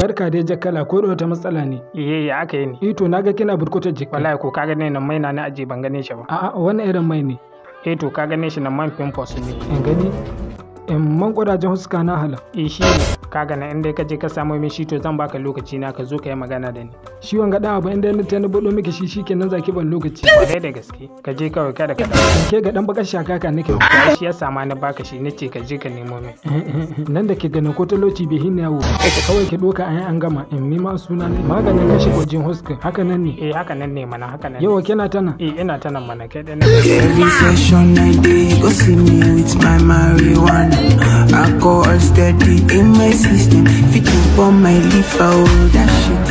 Barka dai jakkala, ko da wata matsala ne. Iye eh, ya aka yi ne. Ito eh, naga kina burkutar jiki. Wallahi ko kaga ne nan mai na na aje ban gane shi ba. A'a wannan irin mai ne. Eh to ka gane shi nan man pimples ne. In gani. In man kudajen huska na hala. Eh shi ne. ka gana inda kaje ka je ka min shi to zan baka lokaci na ka zo ka yi magana da ni shi wanga da ba inda na tana bulo miki shi shikenan zaki ban lokaci ba da gaske ka je kawai kada ka ke ga dan bakar shaka ka nake shi ya sama na baka shi nace ka je ka nemo min nan da ke gani ko taloci bai hinna yawo kawai ki doka an an gama in mi ma suna ne maganin kashe gojin huska haka nan ne eh haka nan ne mana haka nan yawa kina tana eh ina tana mana kai dan Every I did, Alcohol steady in my system. If you jump on my leaf, oh, that shit.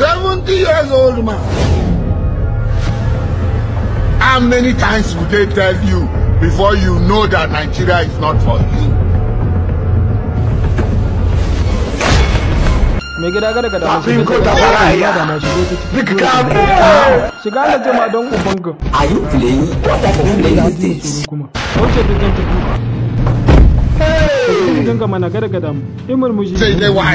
Seventy years old man. How many times will they tell you before you know that Nigeria is not for you? mai gida gada gada are you playing what this in mana gargadan imur muji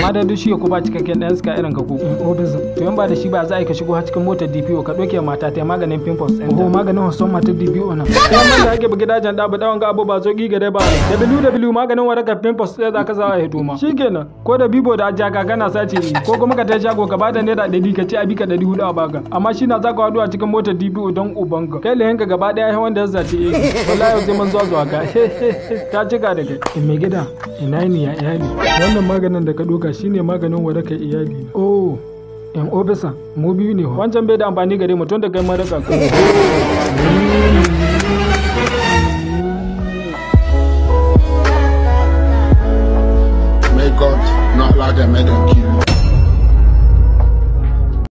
amma da shi ko ba cikakken dan suka irin ka ku eh, obism to yan ba da shi ba za a yi ka shigo har cikin motar DPO ka doke mata ta maganin pimples ɗin ko maganin hoson matar DPO na yan ba da yake bugi da ɗaba dawon ga abu ba zo gi dai ba www maganin waraka pimples ɗaya za ka za a hito ma shikenan ko da bibo da ajiya gana sace ni ko kuma ka ta shago ka da naira ɗari ka ce a bi ka ɗari hudu a baga amma shi na za ka haɗu a cikin motar DPO don ubanga kai lehen ka gaba daya wanda ya zace eh wallahi yau sai mun zuwa zuwa ka ta cika da kai in eh, mai gida eh, in ina ya iyali wannan maganin da ka doka shine maganin warakar iyali oh yan ofisa mu biyu ne wancan bai da amfani gare mu tun da kai maraka ko May God not like a to